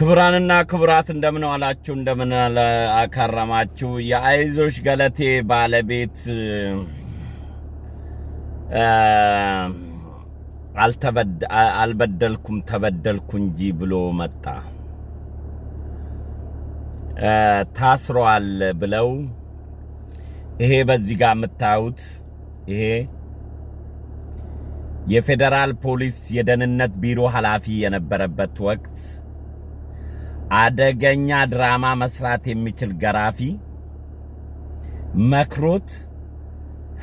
ክቡራንና ክቡራት እንደምን ዋላችሁ፣ እንደምን አከረማችሁ። የአይዞሽ ገለቴ ባለቤት አልበደልኩም ተበደልኩ እንጂ ብሎ መጣ። ታስሯል ብለው ይሄ በዚህ ጋር የምታዩት ይሄ የፌዴራል ፖሊስ የደህንነት ቢሮ ኃላፊ የነበረበት ወቅት አደገኛ ድራማ መስራት የሚችል ገራፊ መክሮት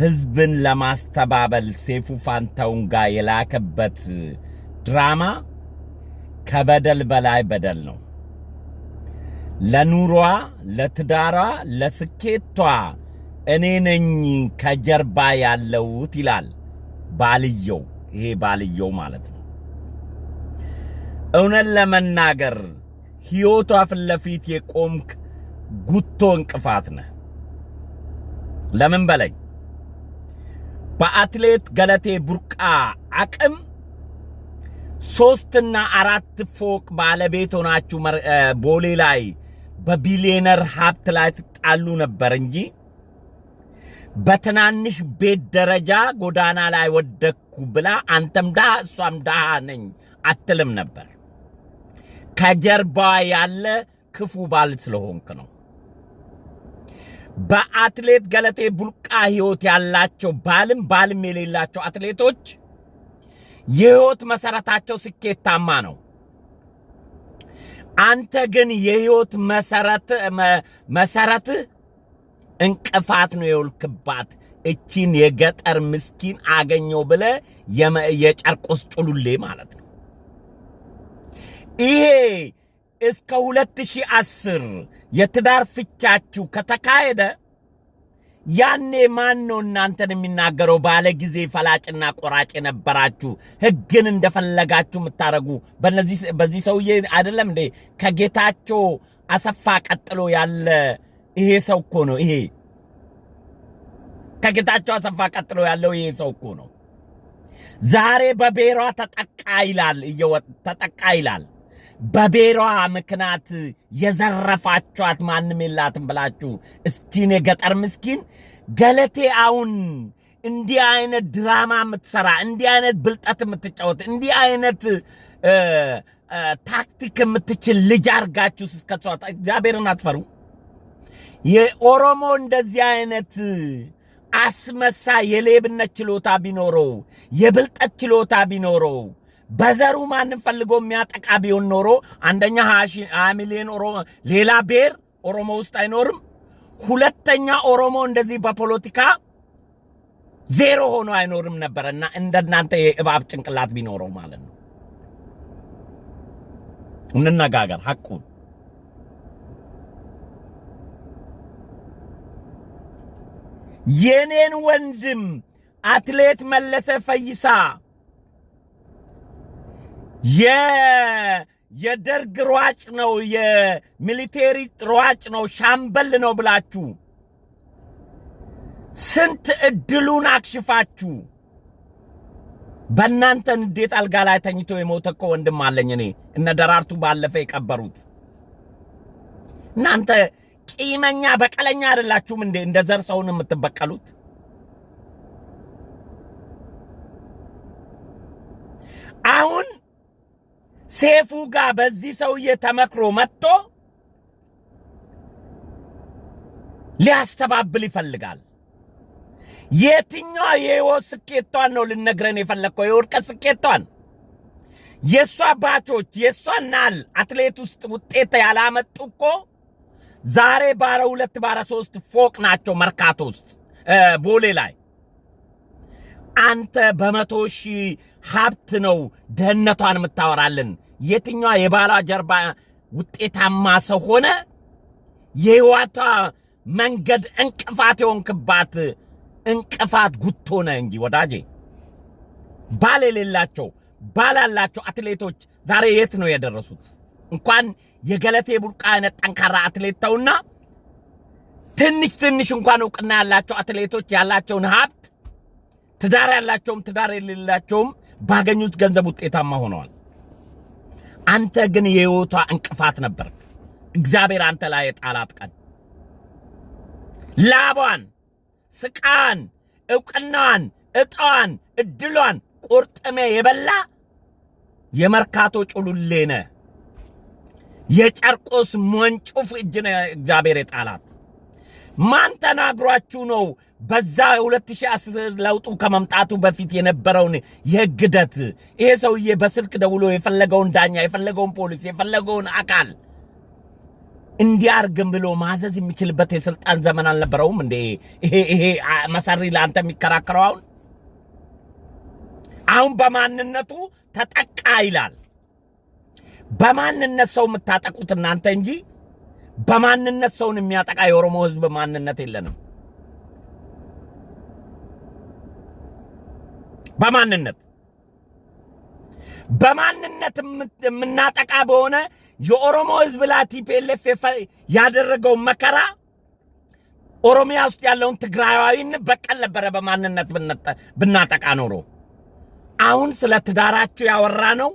ህዝብን ለማስተባበል ሴፉ ፋንታውን ጋር የላከበት ድራማ ከበደል በላይ በደል ነው። ለኑሯ፣ ለትዳሯ፣ ለስኬቷ እኔ ነኝ ከጀርባ ያለሁት ይላል ባልየው። ይሄ ባልየው ማለት ነው። እውነት ለመናገር ሕይወቷ ፊት ለፊት የቆምክ ጉቶ እንቅፋት ነህ። ለምን በለኝ። በአትሌት ገለቴ ቡርቃ አቅም ሶስትና አራት ፎቅ ባለቤት ሆናችሁ ቦሌ ላይ በቢሊዮነር ሀብት ላይ ትጣሉ ነበር እንጂ በትናንሽ ቤት ደረጃ ጎዳና ላይ ወደኩ ብላ አንተም ዳ እሷም ዳሃ ነኝ አትልም ነበር። ከጀርባ ያለ ክፉ ባል ስለሆንክ ነው። በአትሌት ገለቴ ቡልቃ ህይወት ያላቸው ባልም ባልም የሌላቸው አትሌቶች የህይወት መሰረታቸው ስኬታማ ነው። አንተ ግን የህይወት መሰረት መሰረት እንቅፋት ነው የውልክባት እቺን የገጠር ምስኪን አገኘው ብለ የጨርቆስ ጩሉሌ ማለት ነው። ይሄ እስከ 2010 የትዳር ፍቻችሁ ከተካሄደ ያኔ ማን ነው እናንተን የሚናገረው? ባለ ጊዜ ፈላጭና ቆራጭ የነበራችሁ ህግን እንደፈለጋችሁ የምታረጉ በዚህ ሰውዬ አይደለም እንዴ? ከጌታቸው አሰፋ ቀጥሎ ያለ ይሄ ሰው እኮ ነው። ይሄ ከጌታቸው አሰፋ ቀጥሎ ያለው ይሄ ሰው እኮ ነው። ዛሬ በብሔሯ ተጠቃ ይላል፣ ተጠቃ ይላል። በቤሯ ምክንያት የዘረፋችኋት ማንም የላትም ብላችሁ እስቲን የገጠር ምስኪን ገለቴ አሁን እንዲህ አይነት ድራማ የምትሰራ እንዲህ አይነት ብልጠት የምትጫወት እንዲህ አይነት ታክቲክ የምትችል ልጅ አርጋችሁ ስከተዋት እግዚአብሔርን አትፈሩ። የኦሮሞ እንደዚህ አይነት አስመሳ የሌብነት ችሎታ ቢኖረው የብልጠት ችሎታ ቢኖረው በዘሩ ማንም ፈልጎ የሚያጠቃ ቢሆን ኖሮ አንደኛ ሀያ ሚሊዮን ሌላ ብሔር ኦሮሞ ውስጥ አይኖርም። ሁለተኛ ኦሮሞ እንደዚህ በፖለቲካ ዜሮ ሆኖ አይኖርም ነበረ እና እንደናንተ የእባብ ጭንቅላት ቢኖረው ማለት ነው። እንነጋገር ሀቁ የኔን ወንድም አትሌት መለሰ ፈይሳ የደርግ ሯጭ ነው፣ የሚሊቴሪ ሯጭ ነው፣ ሻምበል ነው ብላችሁ ስንት እድሉን አክሽፋችሁ በእናንተ እንዴት አልጋ ላይ ተኝቶ የሞተ እኮ ወንድም አለኝ እኔ እነ ደራርቱ ባለፈ የቀበሩት። እናንተ ቂመኛ በቀለኛ አይደላችሁም እንዴ? እንደ ዘር ሰውን የምትበቀሉት አሁን ሴፉ ጋር በዚህ ሰውዬ ተመክሮ መጥቶ ሊያስተባብል ይፈልጋል። የትኛዋ የህይወት ስኬቷን ነው ልነግረን የፈለግከው? የወርቀት ስኬቷን የእሷ ባቾች የእሷ ናል አትሌት ውስጥ ውጤት ያላመጡ እኮ ዛሬ ባረ ሁለት ባረ ሶስት ፎቅ ናቸው መርካቶ ውስጥ ቦሌ ላይ። አንተ በመቶ ሺህ ሀብት ነው ደህንነቷን የምታወራልን። የትኛዋ የባሏ ጀርባ ውጤታማ ሰው ሆነ የህይወቷ መንገድ እንቅፋት የሆንክባት እንቅፋት ጉቶ ነ እንጂ ወዳጄ። ባል የሌላቸው ባል ያላቸው አትሌቶች ዛሬ የት ነው የደረሱት? እንኳን የገለቴ ቡርቃ አይነት ጠንካራ አትሌት ተውና ትንሽ ትንሽ እንኳን እውቅና ያላቸው አትሌቶች ያላቸውን ሀብት ትዳር ያላቸውም ትዳር የሌላቸውም ባገኙት ገንዘብ ውጤታማ ሆነዋል። አንተ ግን የህይወቷ እንቅፋት ነበርክ። እግዚአብሔር አንተ ላይ የጣላት ቀን ላቧን፣ ስቃን፣ እውቅናዋን፣ እጣዋን፣ እድሏን ቆርጥሜ የበላ የመርካቶ ጩሉሌ ነህ። የጨርቆስ ሞንጩፍ እጅ እግዚአብሔር የጣላት ማን ተናግሯችሁ ነው በዛ 2010 ለውጡ ከመምጣቱ በፊት የነበረውን የህግደት ይሄ ሰውዬ በስልክ ደውሎ የፈለገውን ዳኛ፣ የፈለገውን ፖሊስ፣ የፈለገውን አካል እንዲያርግም ብሎ ማዘዝ የሚችልበት የስልጣን ዘመን አልነበረውም እንዴ? ይሄ ይሄ መሰሪ ለአንተ የሚከራከረው አሁን አሁን በማንነቱ ተጠቃ ይላል። በማንነት ሰው የምታጠቁት እናንተ እንጂ በማንነት ሰውን የሚያጠቃ የኦሮሞ ህዝብ ማንነት የለንም። በማንነት በማንነት የምናጠቃ በሆነ የኦሮሞ ህዝብ ላይ ቲፒኤልኤፍ ያደረገው መከራ ኦሮሚያ ውስጥ ያለውን ትግራዋዊን በቀል ነበረ። በማንነት ብናጠቃ ኖሮ አሁን ስለ ትዳራችሁ ያወራ ነው።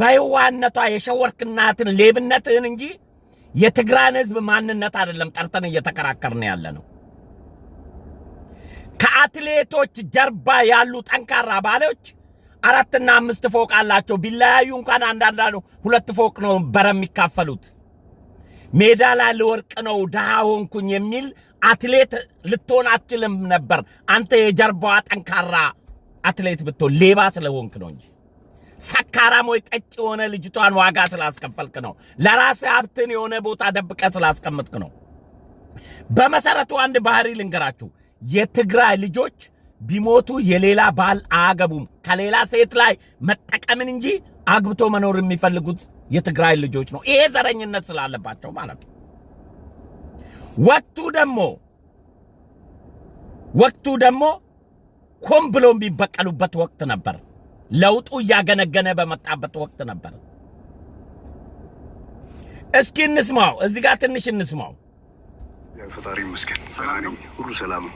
በህዋነቷ የሸወርክናትን ሌብነትህን እንጂ የትግራን ህዝብ ማንነት አይደለም ጠርተን እየተከራከርን ያለ ነው። ከአትሌቶች ጀርባ ያሉ ጠንካራ ባሎች አራትና አምስት ፎቅ አላቸው። ቢለያዩ እንኳን አንዳንዳ ሁለት ፎቅ ነው በረ የሚካፈሉት። ሜዳ ላይ ልወርቅ ነው ድሃ ሆንኩኝ የሚል አትሌት ልትሆን አትችልም ነበር። አንተ የጀርባዋ ጠንካራ አትሌት ብትሆን ሌባ ስለሆንክ ነው እንጂ ሰካራም ወይ ጠጭ የሆነ ልጅቷን ዋጋ ስላስከፈልክ ነው። ለራስ ሀብትን የሆነ ቦታ ደብቀ ስላስቀምጥክ ነው። በመሰረቱ አንድ ባህሪ ልንገራችሁ። የትግራይ ልጆች ቢሞቱ የሌላ ባል አያገቡም። ከሌላ ሴት ላይ መጠቀምን እንጂ አግብቶ መኖር የሚፈልጉት የትግራይ ልጆች ነው። ይሄ ዘረኝነት ስላለባቸው ማለት ነው። ወቅቱ ደግሞ ወቅቱ ደግሞ ኮም ብሎ የሚበቀሉበት ወቅት ነበር። ለውጡ እያገነገነ በመጣበት ወቅት ነበር። እስኪ እንስማው፣ እዚህ ጋር ትንሽ እንስማው። ፈጣሪ ይመስገን ሁሉ ሰላም ነው።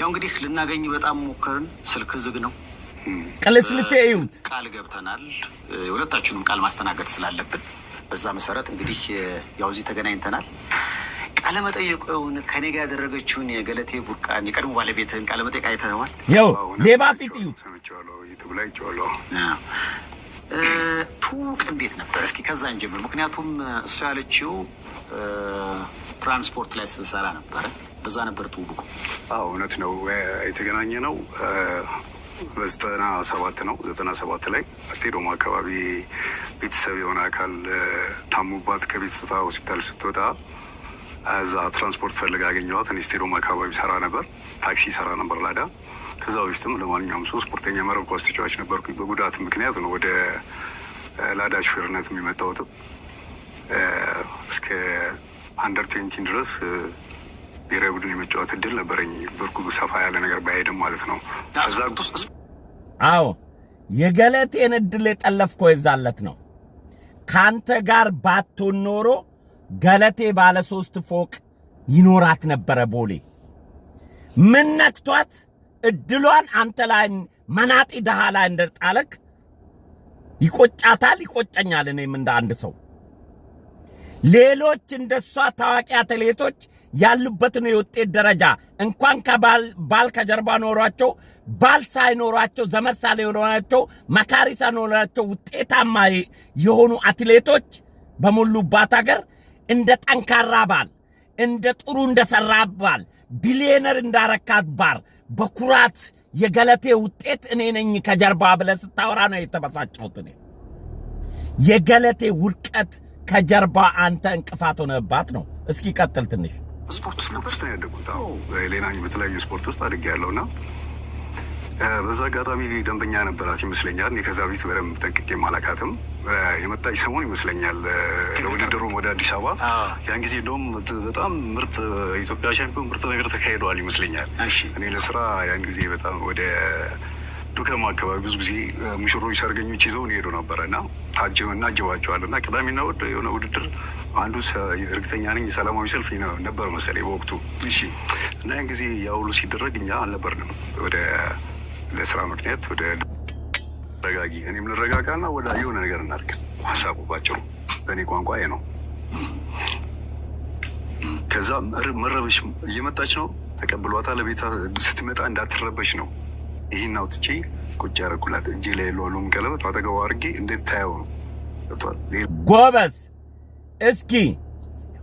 ያው እንግዲህ ልናገኝ በጣም ሞከርን፣ ስልክ ዝግ ነው። ቅልስልስ እዩት። ቃል ገብተናል፣ የሁለታችንም ቃል ማስተናገድ ስላለብን በዛ መሰረት እንግዲህ ያው እዚህ ተገናኝተናል። ቃለመጠየቁን ከኔ ጋር ያደረገችውን የገለቴ ቡርቃን የቀድሞ ባለቤትህን ቃለመጠየቅ አይተነዋል። ያው ሌባ ፊት እዩት። ሰምቼዋለሁ፣ ተብላይቼዋለሁ እንዴት ነበር? እስኪ ከዛ እንጀምር። ምክንያቱም እሱ ያለችው ትራንስፖርት ላይ ስትሰራ ነበረ፣ በዛ ነበር ትውብቁ? አዎ እውነት ነው። የተገናኘ ነው በዘጠና ሰባት ነው። ዘጠና ሰባት ላይ ስቴዶም አካባቢ ቤተሰብ የሆነ አካል ታሙባት ከቤተሰታ ሆስፒታል ስትወጣ እዛ ትራንስፖርት ፈልግ አገኘዋት። እኔ አካባቢ ሰራ ነበር፣ ታክሲ ሰራ ነበር ላዳ። ከዛ በፊትም ለማንኛውም ሰው ስፖርተኛ መረብ ኳስ ተጫዋች ነበርኩኝ። በጉዳት ምክንያት ነው ወደ ለአዳጅ ሹፌርነት የሚመጣውትም እስከ አንደር ትዌንቲን ድረስ ብሔራዊ ቡድን የመጫወት እድል ነበረኝ። ብርኩ ሰፋ ያለ ነገር ባይሄድም ማለት ነው። አዎ የገለቴን እድል የጠለፍኮ የዛለት ነው። ካንተ ጋር ባትሆን ኖሮ ገለቴ ባለ ሶስት ፎቅ ይኖራት ነበረ። ቦሌ ምን ነክቷት እድሏን አንተ ላይ መናጢ ደሃ ላይ እንደጣለክ ይቆጫታል፣ ይቆጨኛል። እኔም እንደ አንድ ሰው ሌሎች እንደሷ ታዋቂ አትሌቶች ያሉበትን የውጤት ደረጃ እንኳን ከባል ከጀርባ ኖሯቸው ባል ሳይኖሯቸው ዘመድ ሳይኖሯቸው መካሪ ሳይኖሯቸው ውጤታማ የሆኑ አትሌቶች በሞሉባት ሀገር እንደ ጠንካራ ባል እንደ ጥሩ እንደሰራ ባል ቢሊዮነር እንዳረካት ባር በኩራት የገለቴ ውጤት እኔ ነኝ ከጀርባ ብለህ ስታወራ ነው የተበሳጨሁት። እኔ የገለቴ ውድቀት ከጀርባ አንተ እንቅፋት ሆነባት ነው። እስኪ ቀጥል ትንሽ ስፖርት ስፖርት ውስጥ ነው ያደጉት ሌላ በተለያዩ ስፖርት ውስጥ አድጌ ያለውና በዛ አጋጣሚ ደንበኛ ነበራት ይመስለኛል። እኔ ከዛ ቤት በደንብ ጠንቅቄ ማላቃትም የመጣች ሰሞን ይመስለኛል ለውድድሩ ወደ አዲስ አበባ። ያን ጊዜ እንደውም በጣም ምርጥ ኢትዮጵያ ሻምፒዮን ምርጥ ነገር ተካሂደዋል ይመስለኛል። እኔ ለስራ ያን ጊዜ በጣም ወደ ዱከም አካባቢ ብዙ ጊዜ ሙሽሮች፣ ሰርገኞች ይዘው ሄዱ ነበረ እና እናጅባቸዋል እና ቅዳሜና እሑድ የሆነ ውድድር አንዱ እርግጠኛ ነኝ የሰላማዊ ሰልፍ ነበር መሰለኝ በወቅቱ እና ያን ጊዜ ያውሉ ሲደረግ እኛ አልነበርንም ወደ ለስራ ምክንያት ወደ ረጋጊ እኔም ልረጋጋ ልረጋጋና ወደ የሆነ ነገር እናድርግ። ሀሳቡ ባጭሩ በእኔ ቋንቋ ነው። ከዛ መረበሽ እየመጣች ነው ተቀብሏታ ለቤታ ስትመጣ እንዳትረበሽ ነው። ይህን አውጥቼ ቁጭ ያደረኩላት እጄ ላይ ያለውን ቀለበት አጠገቧ አድርጌ ታየው ነው። ጎበዝ እስኪ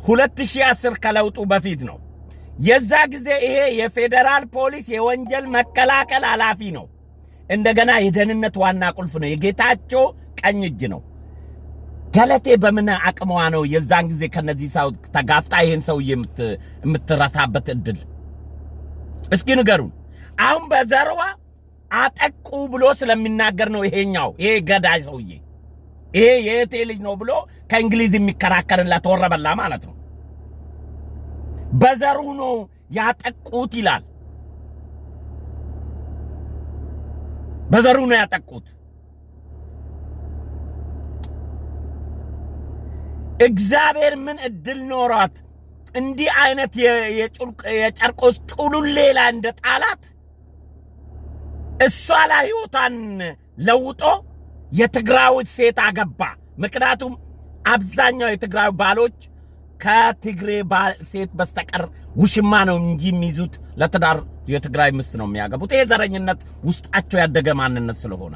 ሁለት ሺህ አስር ከለውጡ በፊት ነው የዛ ጊዜ ይሄ የፌዴራል ፖሊስ የወንጀል መከላከል ኃላፊ ነው። እንደገና የደህንነት ዋና ቁልፍ ነው። የጌታቸው ቀኝ እጅ ነው። ገለቴ በምን አቅሟ ነው የዛን ጊዜ ከነዚህ ሰው ተጋፍጣ ይህን ሰውዬ የምትረታበት እድል? እስኪ ንገሩን። አሁን በዘርዋ አጠቁ ብሎ ስለሚናገር ነው ይሄኛው። ይሄ ገዳይ ሰውዬ ይሄ የእቴ ልጅ ነው ብሎ ከእንግሊዝ የሚከራከርላት ወረበላ ማለት ነው። በዘሩ ነው ያጠቁት ይላል። በዘሩ ነው ያጠቁት። እግዚአብሔር ምን እድል ኖሯት እንዲህ አይነት የጨርቆስ ጩሉሌ ላይ እንደ ጣላት እሷ ላይ ህይወቷን ለውጦ የትግራዊት ሴት አገባ። ምክንያቱም አብዛኛው የትግራዊ ባሎች ከትግሬ ሴት በስተቀር ውሽማ ነው እንጂ የሚይዙት ለትዳር የትግራይ ምስት ነው የሚያገቡት። ይሄ ዘረኝነት ውስጣቸው ያደገ ማንነት ስለሆነ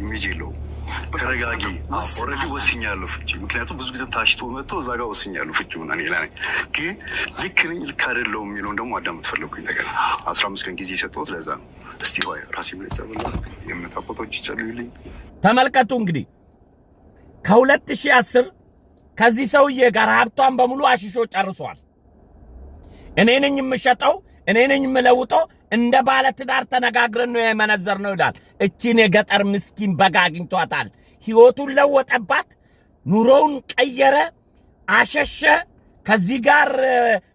ኢሜጅ የለውም። ተረጋጊ። ኦልሬዲ ወስኛለሁ ፍቺ። ምክንያቱም ብዙ ጊዜ ታሽቶ መጥቶ እዛ ጋር ወስኛለሁ ፍቺ ሆና ሌላ ግን ልክ ነኝ ልክ አይደለውም የሚለውን ደግሞ አዳምጥ ፈለግኩኝ። ነገር አስራ አምስት ቀን ጊዜ የሰጠሁት ለዛ ነው። እስቲ ሆይ ራሴ ላይ ጸበላ የእምነት ይጸልዩልኝ። ተመልከቱ እንግዲህ ከሁለት ሺህ አስር ከዚህ ሰውዬ ጋር ሀብቷን በሙሉ አሽሾ ጨርሷል። እኔ ነኝ የምሸጠው፣ እኔ ነኝ የምለውጠው፣ እንደ ባለ ትዳር ተነጋግረን ነው የመነዘር ነው ይላል። እቺን የገጠር ምስኪን በጋ አግኝቷታል። ህይወቱን ለወጠባት፣ ኑሮውን ቀየረ፣ አሸሸ። ከዚህ ጋር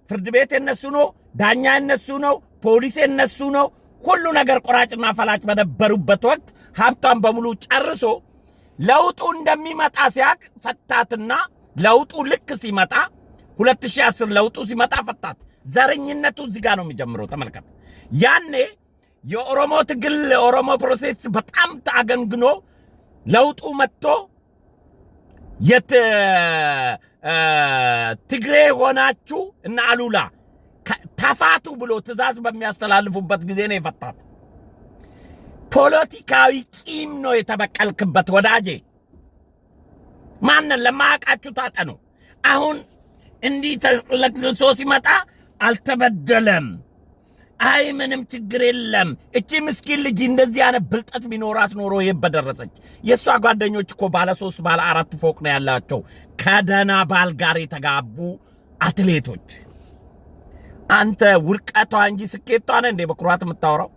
ፍርድ ቤት የነሱ ነው፣ ዳኛ የነሱ ነው፣ ፖሊስ የነሱ ነው። ሁሉ ነገር ቆራጭና ፈላጭ በነበሩበት ወቅት ሀብቷን በሙሉ ጨርሶ ለውጡ እንደሚመጣ ሲያቅ ፈታትና ለውጡ ልክ ሲመጣ 2010 ለውጡ ሲመጣ ፈታት። ዘረኝነቱ እዚህ ጋር ነው የሚጀምረው። ተመልከት። ያኔ የኦሮሞ ትግል የኦሮሞ ፕሮሴስ በጣም ተአገንግኖ ለውጡ መጥቶ ትግሬ ሆናችሁ እና አሉላ ተፋቱ ብሎ ትእዛዝ በሚያስተላልፉበት ጊዜ ነው የፈታት። ፖለቲካዊ ቂም ነው የተበቀልክበት ወዳጄ። ማንን ለማያውቃችሁ ታጠኑ። አሁን እንዲህ ተለቅሶ ሲመጣ አልተበደለም፣ አይ ምንም ችግር የለም። እቺ ምስኪን ልጅ እንደዚህ አይነት ብልጠት ቢኖራት ኖሮ ይህ በደረሰች። የእሷ ጓደኞች እኮ ባለ ሶስት ባለ አራት ፎቅ ነው ያላቸው ከደህና ባል ጋር የተጋቡ አትሌቶች። አንተ ውድቀቷ እንጂ ስኬቷ ነህ እንዴ በኩራት የምታወራው?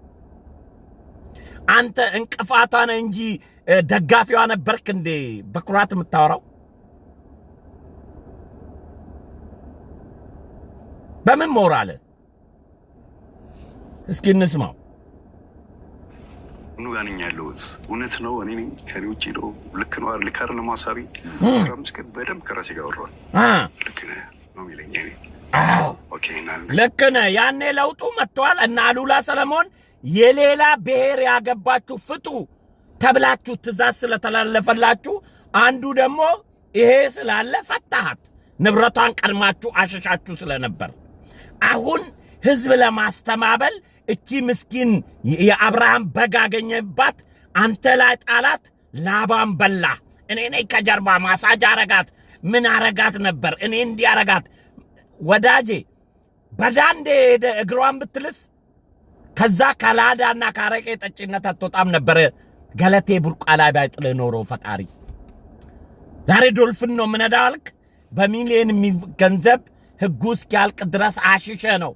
አንተ እንቅፋቷ ነህ እንጂ ደጋፊዋ ነበርክ እንዴ? በኩራት የምታወራው በምን ሞራል? እስኪ እንስማው። ኑ ጋር ነኝ ያለሁት እውነት ነው። እኔ ነኝ ከኔ ውጭ ነው። ልክ ነው አይደል? ልክ አይደለም? ሀሳቤ አስራ አምስት ቀን በደንብ ከራሴ ጋር ወረዋል። ልክ ነህ ነው የሚለኝ። ልክ ነህ። ያኔ ለውጡ መጥተዋል እና አሉላ ሰለሞን የሌላ ብሔር ያገባችሁ ፍቱ ተብላችሁ ትእዛዝ ስለተላለፈላችሁ፣ አንዱ ደግሞ ይሄ ስላለ ፈታሃት ንብረቷን ቀድማችሁ አሸሻችሁ ስለነበር አሁን ህዝብ ለማስተማበል እቺ ምስኪን የአብርሃም በግ አገኘባት፣ አንተ ላይ ጣላት፣ ላባን በላ። እኔ ነኝ ከጀርባ ማሳጅ አረጋት፣ ምን አረጋት ነበር እኔ እንዲህ አረጋት። ወዳጄ በዳንዴ እግሯን ብትልስ ከዛ ከላዳና ከአረቄ ጠጭነት አትወጣም ነበረ። ገለቴ ቡርቃ ላይ ባይጥል ኖሮ ፈጣሪ ዛሬ ዶልፍን ነው ምነዳልክ። በሚሊየን ገንዘብ ህጉ እስኪያልቅ ድረስ አሽሸ ነው።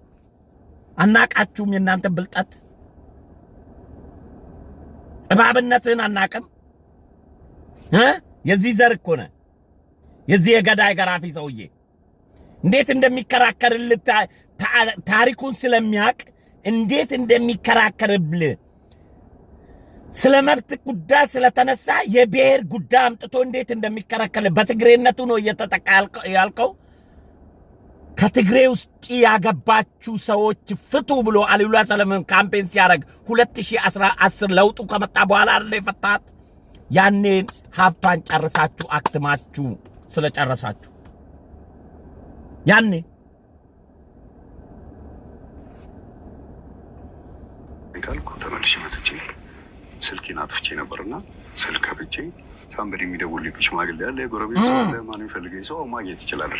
አናቃችሁም? የእናንተ ብልጠት እባብነትህን አናቅም። የዚህ ዘር እኮ ነህ። የዚህ የገዳይ ገራፊ ሰውዬ እንዴት እንደሚከራከርልህ ታሪኩን ስለሚያውቅ እንዴት እንደሚከራከርብል ስለ መብት ጉዳይ ስለተነሳ የብሔር ጉዳይ አምጥቶ እንዴት እንደሚከራከር በትግሬነቱ ነው እየተጠቃ ያልከው። ከትግሬ ውስጥ ያገባችሁ ሰዎች ፍቱ ብሎ አሌሉያ ሰለሞን ካምፔን ሲያደርግ 2010 ለውጡ ከመጣ በኋላ አለ የፈታት። ያኔ ሀብታን ጨርሳችሁ አክትማችሁ ስለጨረሳችሁ ያኔ ካልቻልኩ ተመልሼ መጥቼ ስልኬን አጥፍቼ ነበርና ስልክ ብቼ ሳምበድ የሚደውልልኝ ሽማግሌ ያለ የጎረቤት ሰው አለ። ማንም የሚፈልገኝ ሰው ማግኘት ይችላል።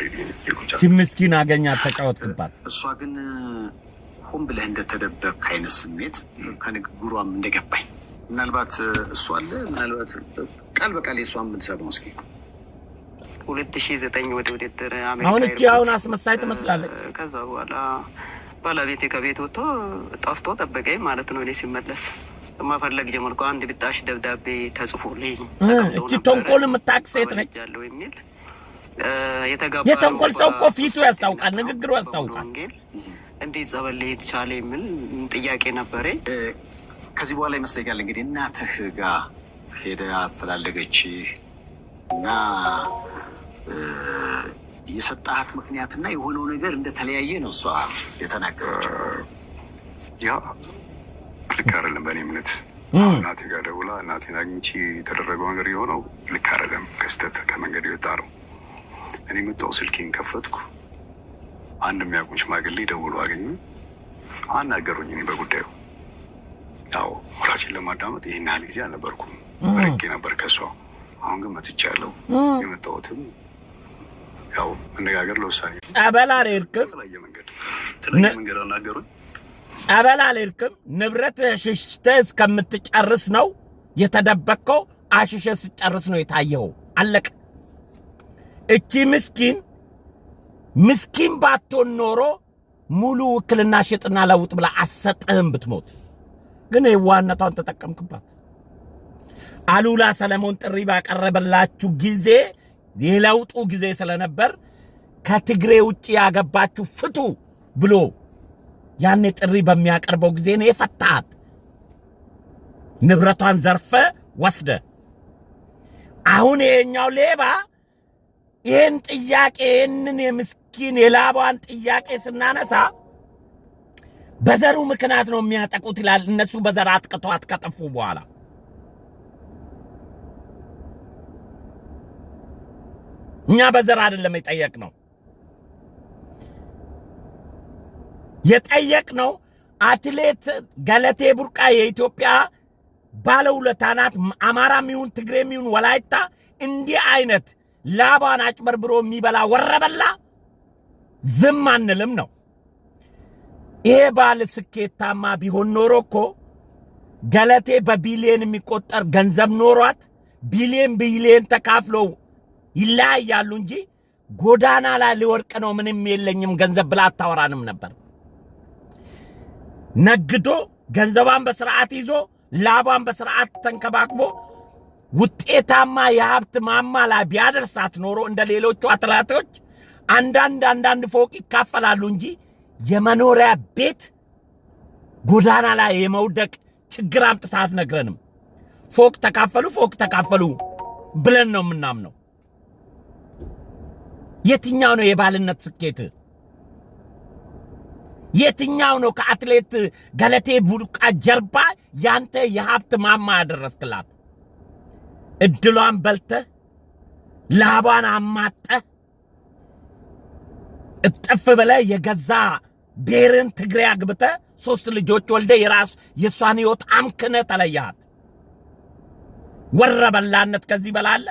ምስኪን አገኛት፣ ተጫወትክባት። እሷ ግን ሆን ብለህ እንደተደበቅ አይነት ስሜት ከንግግሯም እንደገባኝ ምናልባት እሷ አለ ምናልባት ቃል በቃል የእሷ ምንሰማ እስኪ ሁለት ሺህ ዘጠኝ ወደ ውድድር አሁን እቺ አሁን አስመሳይ ትመስላለች። ከዛ በኋላ ባለቤቴ ከቤት ወጥቶ ጠፍቶ ጠበቀኝ ማለት ነው። እኔ ሲመለስ መፈለግ ጀመርኩ። አንድ ብጣሽ ደብዳቤ ተጽፎልኝ እቺ ተንኮል የምታክ ሴት ነች ያለው የሚል የተንኮል ሰው እኮ ፊቱ ያስታውቃል፣ ንግግሩ ያስታውቃል። እንዴት ጸበል የተቻለ ቻለ የሚል ጥያቄ ነበረ። ከዚህ በኋላ ይመስለኛል እንግዲህ እናትህ ጋር ሄደ አፈላለገች እና የሰጣሃት ምክንያትና የሆነው ነገር እንደተለያየ ነው እሷ የተናገረችው። ያ ልክ አይደለም። በእኔ እምነት እናቴ ጋር ደውላ እናቴን አግኝቼ የተደረገው ነገር የሆነው ልክ አይደለም። ከስተት ከመንገድ የወጣ ነው። እኔ መጣው ስልኬን ከፈትኩ። አንድ የሚያውቁን ሽማግሌ ደውሎ አገኙ፣ አናገሩኝ። እኔ በጉዳዩ ያው ራሴን ለማዳመጥ ይህን ያህል ጊዜ አልነበርኩም፣ ርቄ ነበር ከሷ። አሁን ግን መጥቻለሁ። የመጣሁትም ያው መነጋገር ለውሳኔ ጸበል አልሄድክም፣ ተለያየ መንገድ አናገሩኝ። ጸበል አልሄድክም። ንብረት ሽሽተህ እስከምትጨርስ ነው የተደበቅከው። አሽሸ ስጨርስ ነው የታየው። አለቀ። እቺ ምስኪን ምስኪን ባትሆን ኖሮ ሙሉ ውክልና ሽጥና ለውጥ ብላ አሰጥህም ብትሞት ግን የዋነቷን ተጠቀምክባት። አሉላ ሰለሞን ጥሪ ባቀረበላችሁ ጊዜ የለውጡ ጊዜ ስለነበር ከትግሬ ውጭ ያገባችሁ ፍቱ ብሎ ያኔ ጥሪ በሚያቀርበው ጊዜ ነው የፈታት። ንብረቷን ዘርፈ ወስደ። አሁን የኛው ሌባ ይህን ጥያቄ ይህንን የምስኪን የላቧን ጥያቄ ስናነሳ በዘሩ ምክንያት ነው የሚያጠቁት ይላል። እነሱ በዘር አጥቅቷት ከጠፉ በኋላ እኛ በዘር አይደለም ነው። የጠየቅ ነው አትሌት ገለቴ ቡርቃ የኢትዮጵያ ባለውለታ ናት። አማራም ይሁን ትግሬም ይሁን ወላይታ እንዲህ አይነት ላቧን አጭበርብሮ የሚበላ ወረበላ ዝም አንልም ነው። ይሄ ባል ስኬታማ ቢሆን ኖሮ እኮ ገለቴ በቢሊየን የሚቆጠር ገንዘብ ኖሯት ቢሊየን ቢሊየን ተካፍለው ይለያያሉ እንጂ ጎዳና ላይ ሊወርቅ ነው ምንም የለኝም ገንዘብ ብላ አታወራንም ነበር። ነግዶ ገንዘቧን በስርዓት ይዞ ላቧን በስርዓት ተንከባክቦ ውጤታማ የሀብት ማማ ላይ ቢያደርሳት ኖሮ እንደ ሌሎቹ አትላቶች አንዳንድ አንዳንድ ፎቅ ይካፈላሉ እንጂ የመኖሪያ ቤት ጎዳና ላይ የመውደቅ ችግር አምጥታት አትነግረንም። ፎቅ ተካፈሉ ፎቅ ተካፈሉ ብለን ነው የምናምነው። የትኛው ነው የባልነት ስኬት? የትኛው ነው ከአትሌት ገለቴ ቡርቃ ጀርባ ያንተ የሀብት ማማ ያደረስክላት? እድሏን በልተህ ላቧን አማጠህ እጥፍ ብለህ የገዛ ብሔርን ትግሬ አግብተህ ሶስት ልጆች ወልደ የራስ የእሷን ህይወት አምክነ ተለያት። ወረበላነት ከዚህ በላለ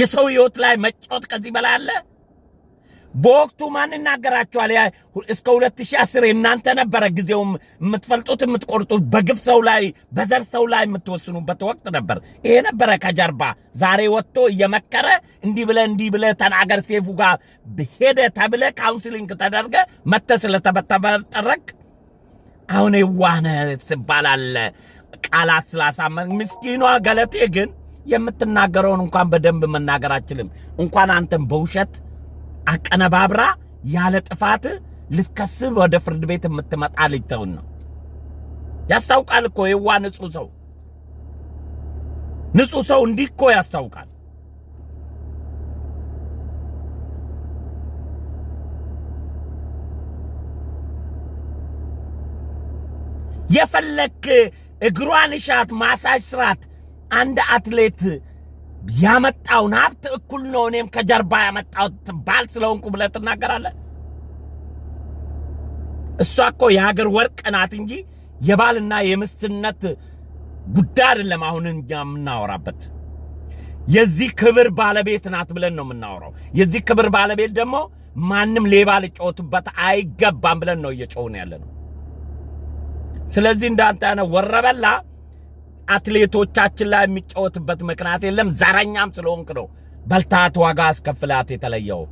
የሰው ህይወት ላይ መጫወት ከዚህ በላይ አለ? በወቅቱ ማን እናገራቸዋል? እስከ 2010 የእናንተ ነበረ ጊዜው የምትፈልጡት የምትቆርጡት፣ በግፍ ሰው ላይ በዘር ሰው ላይ የምትወስኑበት ወቅት ነበር። ይሄ ነበረ ከጀርባ ዛሬ ወጥቶ እየመከረ እንዲህ ብለ እንዲህ ብለ ተናገር፣ ሴፉ ጋር ሄደ ተብለ ካውንስሊንግ ተደርገ መተ ስለተበተበጠረቅ አሁን ዋነ ትባላለ ቃላት ስላሳመን ምስኪኗ ገለቴ ግን የምትናገረውን እንኳን በደንብ መናገር አችልም። እንኳን አንተን በውሸት አቀነባብራ ያለ ጥፋት ልትከስብ ወደ ፍርድ ቤት የምትመጣ ተውን ነው ያስታውቃል እኮ የዋ ንጹህ ሰው ንጹህ ሰው እንዲህ እኮ ያስታውቃል። የፈለክ እግሯን እሻት ማሳጅ ስራት አንድ አትሌት ያመጣውን ሀብት እኩል ነው እኔም ከጀርባ ያመጣሁት ባል ስለሆንኩ ብለህ ትናገራለህ? እሷ እኮ የሀገር ወርቅ ናት እንጂ የባልና የምስትነት ጉዳይ አይደለም። አሁን እኛ የምናወራበት የዚህ ክብር ባለቤት ናት ብለን ነው የምናወራው። የዚህ ክብር ባለቤት ደግሞ ማንም ሌባ ልጮትበት አይገባም ብለን ነው እየጮውን ያለ ነው። ስለዚህ እንዳንተ ያነ ወረበላ አትሌቶቻችን ላይ የሚጫወትበት ምክንያት የለም። ዘረኛም ስለሆንክ ነው በልታት ዋጋ አስከፍላት የተለየው።